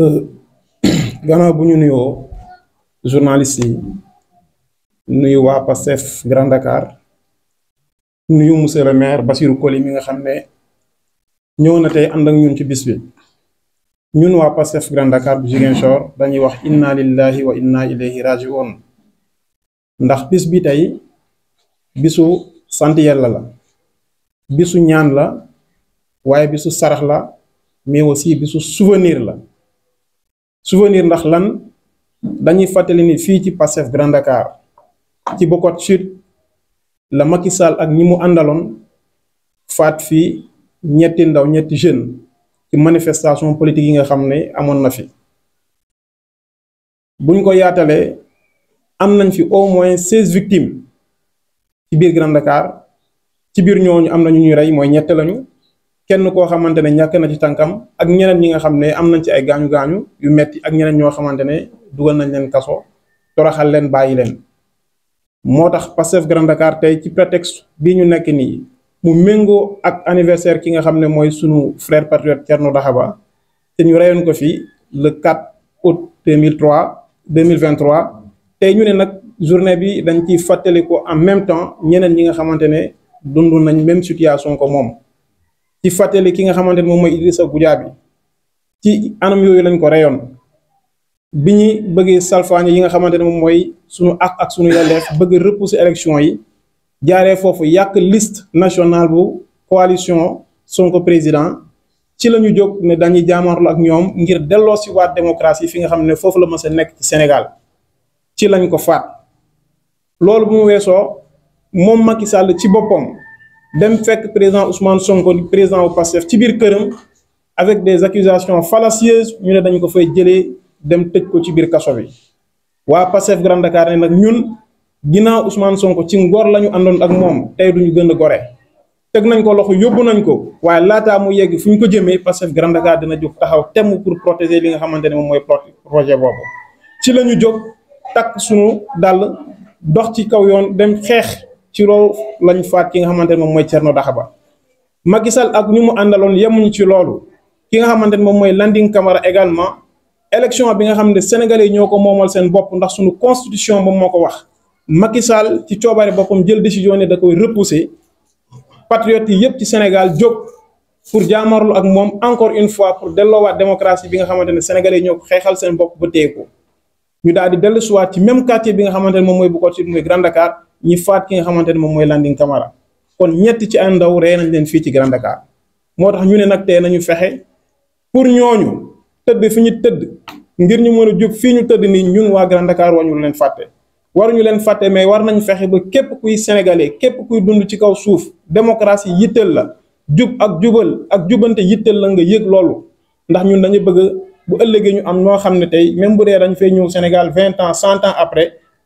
Euh, gannaaw bu ñu nuyoo journaliste yi nuyu waa Pastef Grand Dakar nuyu monsieur le maire Bassirou mi nga xam ne ñëw na tey ànd ak ñun ci bis bi ñun waa Pastef Grand Dakar bu Ziguinchor dañuy wax inna lillahi wa inna ilayhi rajiun ndax bis bi tey bisu sant yàlla la bisu ñaan la waaye bisu sarax la mais aussi bisu souvenir la souvenir ndax lan dañuy fàttali ni fii ci Grand Dakar ci Bokot Sud la Macky Sall ak ñi mu àndaloon faat fii ñetti ndaw jeune ci manifestation politique yi nga na fi buñ ko fi au moins seize victimes ci Grand Dakar ci na kenn koo xamante ne ñàkk na ci tànkam ak ñeneen ñi nga xam ne am nañ ci ay gaañu gaañu yu metti ak ñeneen ñoo xamante ne dugal nañ leen kaso toroxal leen bàyyi leen. moo tax Pastef Grand Dakar tey ci prétexte bii ñu nekk nii mu méngoo ak anniversaire ki nga xam ne mooy sunu frère patriote daxa Daxaba te ñu reyoon ko fi le 4 août 2003 2023 tey ñu ne nag journée bi dañ ciy fàttali ko en même temps ñeneen ñi nga xamante ne dund nañ même situation ko moom. ci fàttali ki nga xamante ne moom mooy Idrissa Goudiaby ci anam yooyu lañ ko reyoon bi ñuy bëggee salfaañe yi nga xamante ne moom mooy sunu ak ak sunu yelleef bëgg repousser élection yi jaaree foofu yàq list national bu coalition ko président ci la ñu jóg ne dañuy jaamaarlu ak ñoom ngir delloo si waat démocratie fi nga xam ne foofu la mës a nekk ci Sénégal ci lañ ko faat loolu bu mu weesoo moom Macky sàll ci boppam. même fekk président Ousmane Sonko di président wu Pastef ci biir këram avec des accusations fallacieuses ñu né dañ ko fay jëlé dem tëj ko ci bir kasso bi wa Pastef Grand Dakar ne nag ñun gina Ousmane Sonko ci ngor lañu andon ak mom tay duñu gën goré gore nañ ko loxu yobbu nañ ko waaye laataa mu yegg fuñ ko jëmé Pastef Grand Dakar dina jox taxaw temm pour protéger li nga xamantene mom moy projet boobu ci lañu ñu tak takk sunu dàll dox ci kaw yoon dem xex ci loolu lañu faat ki nga xamante ne moom mooy Thierno Daxaba Macky Sall ak ñu mu àndaloon yemuñu ci loolu ki nga xamante ne moom mooy Landing Camara également élection bi nga xam ne sénégalais yi ñoo ko moomal seen bopp ndax suñu constitution moom moo ko wax Macky Sall ci coobare boppam jël décision ne da koy repousser patriotes yi yëpp ci Sénégal jóg pour jaamarlu ak moom encore une fois pour delloowaat démocratie bi nga xamante ne sénégalais yi ñoo ko xeexal seen bopp ba téye ko ñu daal di dellusiwaat ci même quartier bi nga xamante ne moom mooy Boucotte Sud mooy Grand ñi faat ki nga xamante ne moom mooy Landing Camara kon ñett ci ay ndaw rey nañ leen fii ci Grand Dakar moo tax ñu ne nag tey nañu fexe pour ñooñu tëdd fi ñu tëdd ngir ñu mën a jóg fii ñu tëdd ni ñun waa Grand Dakar wañu leen fàtte waruñu leen fàtte mais war nañ fexe ba képp kuy sénégalais képp kuy dund ci kaw suuf démocratie yitteel la jub ak jubal ak jubante yitteel la nga yëg loolu ndax ñun dañu bëgg bu ëllëgee ñu am ñoo xam ne tey même bu dee dañu fay ñëw Sénégal vingt ans cent après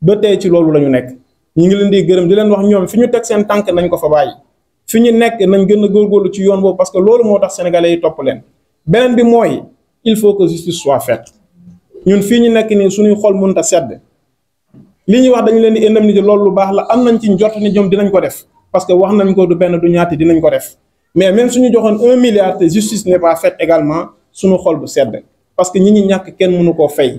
ba tey ci loolu lañu ñu nekk ñu ngi leen di gërëm di leen wax ñom fi tek seen tank nañ ko fa bayyi fi ñu nekk nañ gën a góorgóorlu ci yoon boobu parce que loolu moo tax sénégalais yi top leen benen bi moy il faut que justice soit faite ñun fiñu ñu nekk nii suñuy xol mënut a sedd li ñi wax dañu leen di indemniser loolu lu baax la am nañ ci njott ni ñom dinañ ko def parce que wax nañ ko du ben du ñaati dinañ ko def mais même suñu joxone 1 milliard te justice n'est pas faite également suñu xol bu sedd parce que ñi ñi ñak kenn mënu ko fay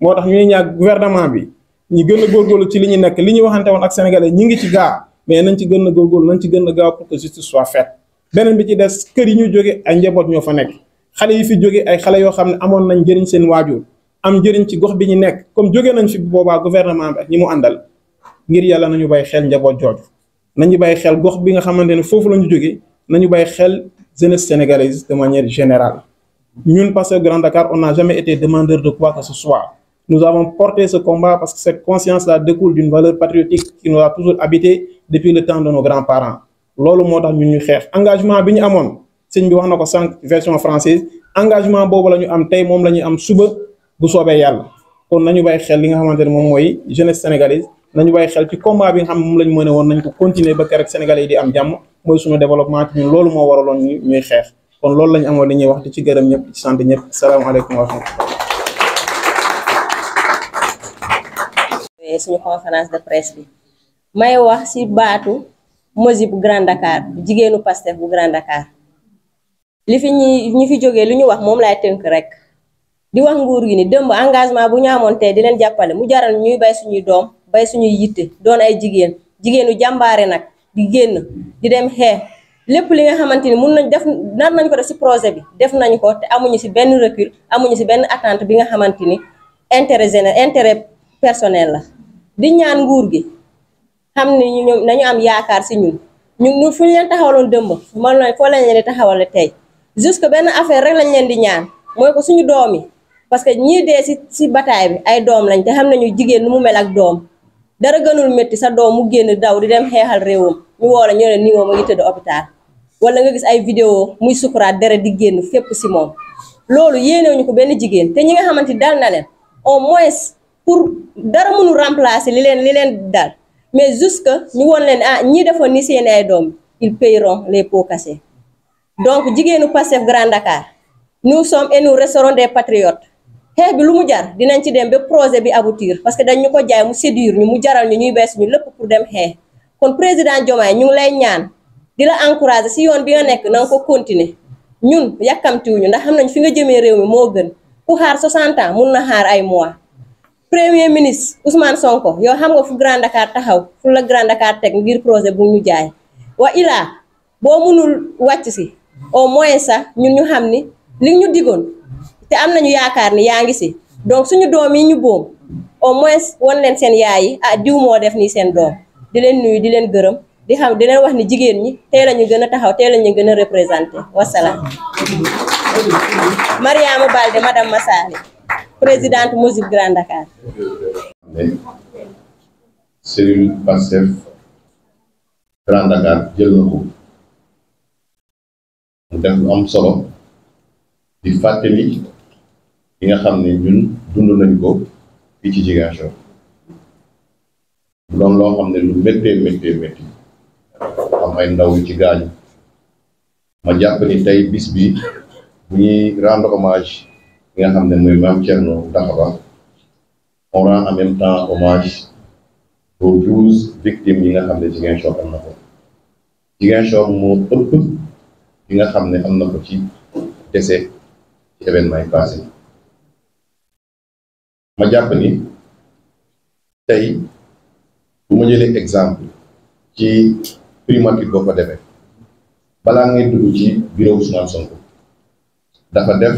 motax tax ñuy ñàkk gouvernement bi ñu gën a góorgóorlu ci li ñu nekk li ñu waxante woon ak sénégalais ñi ngi ci gaa mais nañ ci gën a góorgóorlu nañ ci gën a gaaw pour que justice soit faite beneen bi ci des kër yi ñu jóge ay njaboot ñoo fa nekk xale yi fi jóge ay xale yoo xam ne amoon nañ jëriñ seen waajur am jëriñ ci gox bi ñu nekk comme jóge nañ fi boobaa gouvernement bi ñi mu àndal ngir yàlla nañu bàyyi xel njaboot jooju nañu bàyyi xel gox bi nga xamante ne foofu lañu ñu jóge nañu bàyyi xel jeunesse sénégalaise de manière générale ñun parce que Grand Dakar on n'a jamais été demandeur de quoi que ce soit nous avons porté ce combat parce que cette conscience-là découle d'une valeur patriotique qui nous a toujours habité depuis le temps de nos grands-parents. Lolo moo ñu ñu xex engagement bi ñu amone C'est bi waxnako sank version française engagement à lañu am tey mom la am suba bu soobee yalla kon nañu bay xel li nga xamantene mom moy jeunesse sénégalaise nañu bay xel ci combat bi nga xam mom lañu mëne won nañ ko continuer ba keroog sénégalais yi di am jamm moy suñu développement ci ñun loolu moo ñuy xex kon loolu lañu amone amoon dañuy wax ci gërëm ñep ci ñep wa suñu conférence de presse bi may wax si baatu mosi bu Grand Dakar jigéenu Pastef bu Grand Dakar li fi ñi ñi fi jógee li ñu wax moom laay tënk rek di wax nguur gi ni dëmb engagement bu ñu amoon di leen jàppale mu jaral ñuy bay suñuy doom bay suñuy yitte doon ay jigéen jigéenu jàmbaare nag di génn di dem xee lépp li nga xamante ni mun nañ def nar nañ ko def ci projet bi def nañ ko te amuñu si benn recul amuñu si benn attente bi nga xamante ni intérêt général intérêt personnel la di ñaan nguur gi xam ni ñu nañu am yaakaar si ñun ñu ñu fu ñu leen taxawaloon dëmb man la foo lañ leen di taxawale tey jusque benn affaire rek lañ leen di ñaan mooy ko suñu doom yi parce que ñii dee si si bataay bi ay doom lañ te xam nañu jigéen nu mu mel ak doom dara gënul métti sa doom mu génn daw di dem xeexal réewam ñu woo la ñu ne nii moom a tëdd hôpital wala nga gis ay vidéo muy sukuraat dara di génn fépp si moom loolu yéenewuñu ko benn jigéen te ñi nga xamante dal na leen au pour dara mënu remplacer li leen li leen dal mais jusque ñu woon leen ah ñi defoon ni seen ay doom ils paieront les pots donc jigéenu Pastef Grand Dakar nous sommes et nous resterons des patriotes bi lu mu jar dinañ ci dem ba projet bi aboutir parce que dañ ñu ko jaay mu séduire ñu mu jaral ñu ñuy bees ñu lépp pour dem xeex kon président Diomaye ñu ngi lay ñaan di la encourager si yoon bi nga nekk na ko continuer ñun yàkkamtiwuñu ndax xam nañ fi nga jëmee réew mi moo gën ku xaar 60 ans mun na xaar ay mois. premier ministre Ousmane Sonko yow xam nga fu Grand Dakar taxaw fu la Grand Dakar teg ngir projet bu ñu jaay wa ilaa boo mënul wàcc si au moins sax ñun ñu xam ni li ñu digoon te am nañu yaakaar ni yaa ngi si donc suñu doom yi ñu boom au moins wan leen seen yaay yi ah diw moo def nii seen doom di leen nuyu di leen gërëm di xam di leen wax ni jigéen ñi tey la ñu gën a taxaw tey la gën a représenté wasalaam Mariama Balde madame Massali présidente Mosif Grand Dakar. cellule Pastef Grand Dakar jël na ko am solo di fàttali yi nga xam ne ñun dund nañ ko fii ci Ziguinchor mu doon loo xam ne lu méttee méttee métti am ay ndaw ci gaañu ma jàpp ni tey bis bi bu ñuy rendre hommage. nga xam ne mooy maam Thierno Dakhaba on rend en même temps hommage aux douze victimes yi nga xam ne Ziguinchor am na ko Ziguinchor moo ëpp yi nga xam ne am na ko ci décès ci événement yi passé ma jàpp ni tey bu ma jëlee exemple ci primature boo ko defee balaa ngay dugg ci bureau Ousmane Sonko dafa def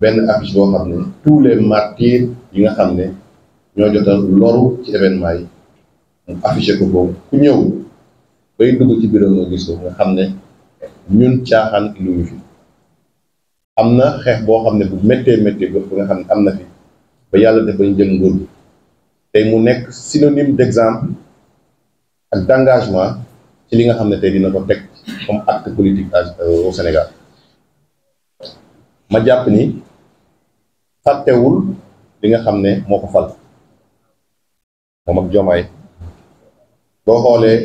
benn affiche boo xam ne tous les martyrs yi nga xam ne ñoo jotal loru ci événement yi mu affiché ko boobu ku ñëw bay dugg ci biiram nga gis nga xam ne ñun caaxaan lu am na xeex boo xam ne bu méttee méttee ba nga xam ne am na fi ba yàlla def ba ñu jël nguur bi tey mu nekk synonyme d'exemple ak d'engagement ci li nga xam ne tey dina ko teg comme acte politique euh, au Sénégal ma jàpp ni fàttewul li nga xam ne moo ko fal moom ak Jomaay boo xoolee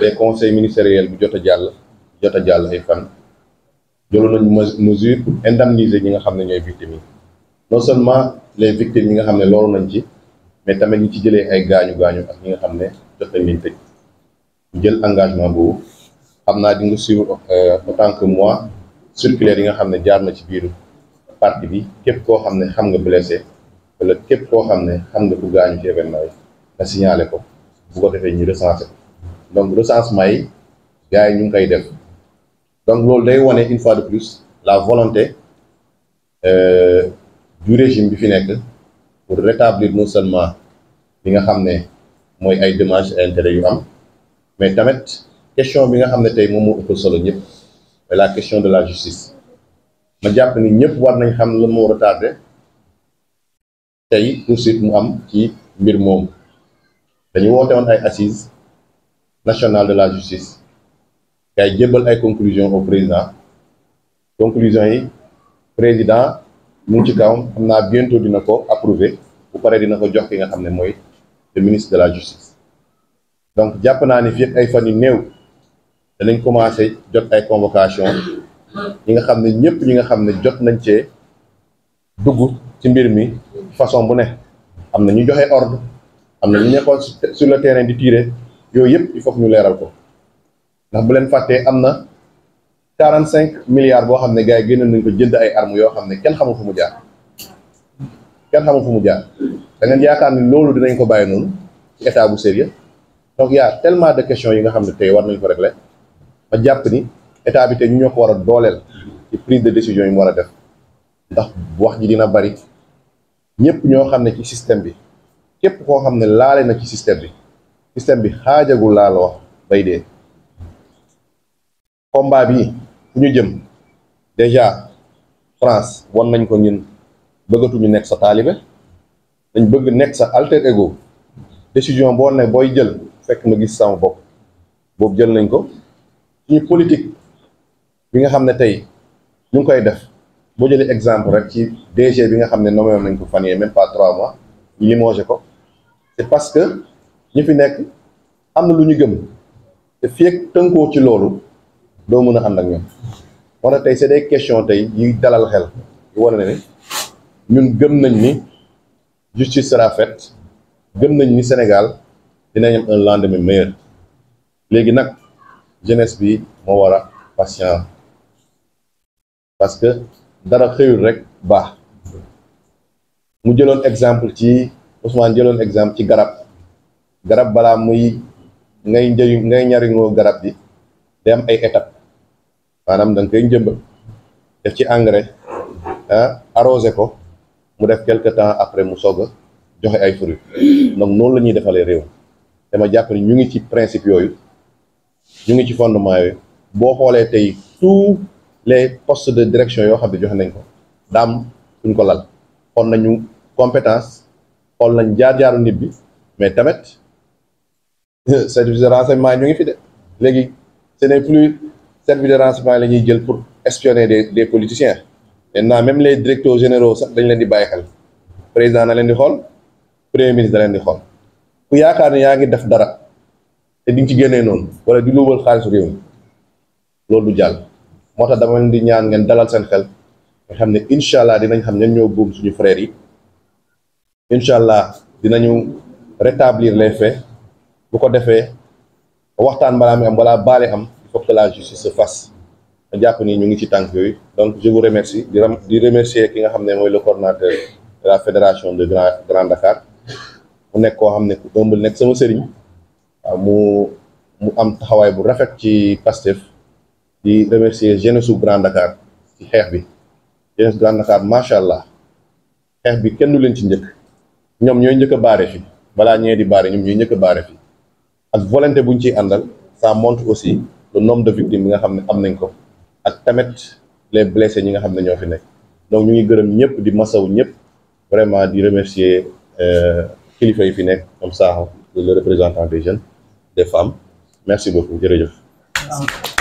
les conseils ministériels bu jot a jàll jot a jàll ay fan jëloon nañ mesure pour indemniser ñi nga xam ne ñooy victimes yi non seulement les victimes ñi nga xam ne loolu nañ ci mais tamit ñi ci jëlee ay gaañu gaañu ak ñi nga xam ne jot nañ tëj jël engagement boobu xam naa di nga suivre autant euh, que moi circulaire yi nga xam ne jaar na ci biir parti bi képp koo xam ne xam nga blessé wala képp koo xam ne xam nga ku gaañu ci événement nga signalé ko bu ko defee ñi recensé ko donc recensement yi gars yi ñu ngi koy def donc loolu day wane une fois de plus la volonté euh, du régime bi fi nekk pour rétablir non seulement bi nga xam ne mooy ay dommages et intérêts yu am mais tamit question bi nga xam ne tey moom moo ëpp solo ñëpp et la question de la justice ma jàpp ni nous war nañ xam la moo retardé tey poursuite mu am ci mbir moomu dañu woote ay assises nationales de la justice kay jébbal ay conclusions au président conclusion yi président mu ngi ci a bientôt dina ko approuver bu paree dina ko jox ki nga le ministre de la justice donc je naa ni nous ay fan danañ commencé jot ay convocation ñi nga xam ne ñëpp ñi nga xam ne jot nañ cee dugg ci mbir mi façon bu ne am na ñu joxe ordre am na ñu nekkoon sur le terrain di tirer yooyu yëpp il faut ñu leeral ko ndax bu leen fàttee am na quarante cinq milliards boo xam ne gars yi génnoon nañ ko jënd ay armes yoo xam ne kenn xamul fu mu jaar kenn xamul fu mu jaar da ngeen yaakaar ni loolu dinañ ko bàyyi noonu ci état bu sérieux donc y a tellement de yi nga xam ne tey war nañ ko régler ma jàpp ni état bi te ñu ñoo ko war a dooleel ci prise de décision yi mu war a def ndax wax ji dina bari ñëpp ñoo xam ne ci système bi képp koo xam ne laale na ci système bi système bi xaajagul laa la wax bay dee combat bi fu ñu jëm déjà France won nañ ko ñun bëggatuñu nekk sa taalibe dañ bëgg nekk sa alter ego décision boo ne booy jël fekk ma gis sama bopp boobu jël nañ ko ci politique bi nga xam ne tey ñu ngi koy def boo jëlee exemple rek ci DG bi nga xam ne nommé nañ ko fan yee même pas trois mois ñu limogé ko c'est parce que ñi fi nekk am na lu ñu gëm te fii tënkoo ci loolu doo mën a xam nag ñoom moo tax tey c'est des questions tey yuy dalal xel yu wane ne ñun gëm nañ ni justice sera faite gëm nañ ni Sénégal dinañ am un lendemain léegi nag jeunesse bi moo war a parce que dara xëyul rek baax mu jëloon exemple ci Ousmane jëloon exemple ci garab garab balaa muy ngay njëriñ ngay ñariñoo garab bi day am ay étape maanaam da nga koy njëmbat def ci engrais ah arrosé ko mu def quelque temps après mu soog a joxe ay fruits donc noonu la ñuy defalee réew dama jàpp ne ñu ngi ci principe yooyu ñu ngi ci fondement yooyu boo xoolee tey tous les postes de direction yoo xam ne joxe nañ ko daam suñ ko lal xool nañu compétence xool nañ jaar-jaaru nit bi mais tamit service de renseignement ñu ngi fi de léegi ce n'est plus service de renseignement la ñuy jël pour espionner des des politiciens maintenant même les directeurs généraux sax dañ leen di bàyyi xel président na leen di xool premier ministre da leen di xool ku yaakaar ne yaa ngi def dara te di ci génnee non wala di lobal xaliss réew mi loolu du jàll dama leen di ñaan ngeen dalal seen xel nga xam inshallah dinañ xam ñan ñoo buum suñu frère yi inshallah dinañu rétablir les faits bu ko défé waxtaan balaa mi am wala balé am il faut que la justice se fasse japp ni ñu ngi ci tank yoy donc je vous remercie di di remercier ki nga xam moy le coordinateur de la fédération de Grand Grand Dakar mu nek ko xam ne ku ëmbal nekk sama serigne mu mu am taxawaay bu rafet ci Pastef di remercier jeunesse su Grand Dakar ci xeex bi jeunesse Grand Dakar macha allah xeex bi kenn du leen ci njëkk ñoom ñooy njëkk a baare fi balaa ñee di baare ñoom ñooy njëkk baare fi ak volonté bu ci àndal ça montre aussi le nombre de victimes yi nga xam ne am nañ ko ak tamit les blessés ñi nga xam ne ñoo fi nekk donc ñu ngi gërëm ñëpp di masaw ñëpp vraiment di remercier euh, kilifa yi fi nekk comme ça le représentant des jeunes des femmes merci beaucoup jërëjëf ah,